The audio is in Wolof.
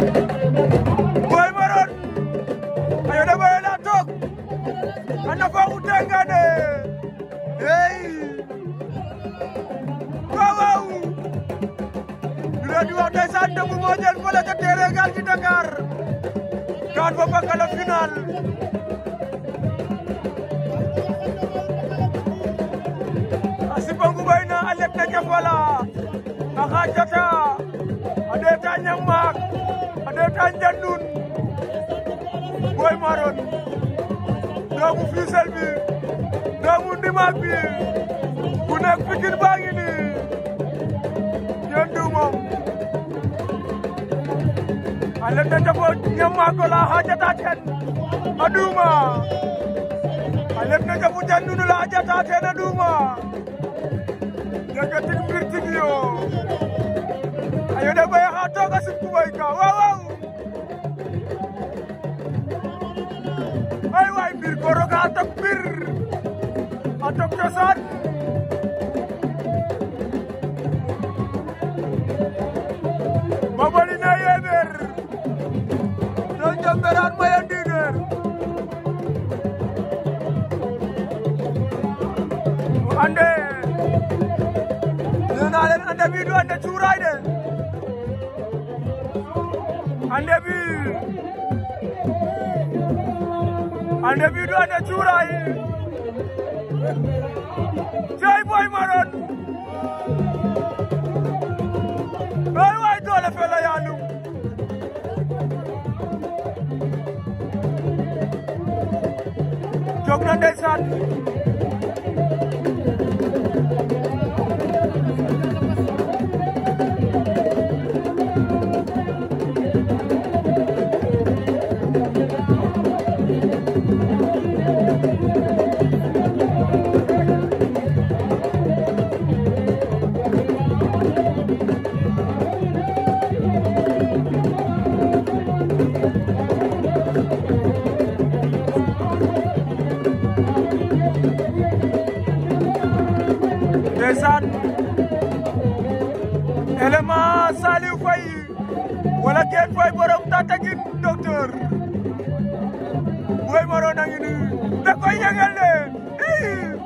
Boy Maroon ayo da boy na toog ana fa u tengane hey waaw waaw dina di wax ndeysaan dëgg moo jël fële ca terrain Gaal gi Dakar kaan ba bakka la final asibangu bayna alek na jafala a xaajata Gandia Ndoune Boy Marone doomu Fissel bi doomu Ndimak bi bu nekk Pikine baa ngi nii Diendou moom ale tete bo ñammaa ko laa haajataa teen a aduma, ale tete bu Diendou laa haajataa teen a duuma daga tik mbir tik ayo da bay haa tooga sib kubay ka waaw a tok bir a tok cosaan Mabali yeebeer doon jomberaan maya ndiineer o ande nee naa leen ande cuuraay de ande bi ande bidu ande cuuraay cey boy maroon doy waay doole fela yaanu jog na ndeysaan ndeysaan élément Saliou Faye wala geen Faye borom Tataguine docteur Boy Maron a ngi nii da koy yëngal de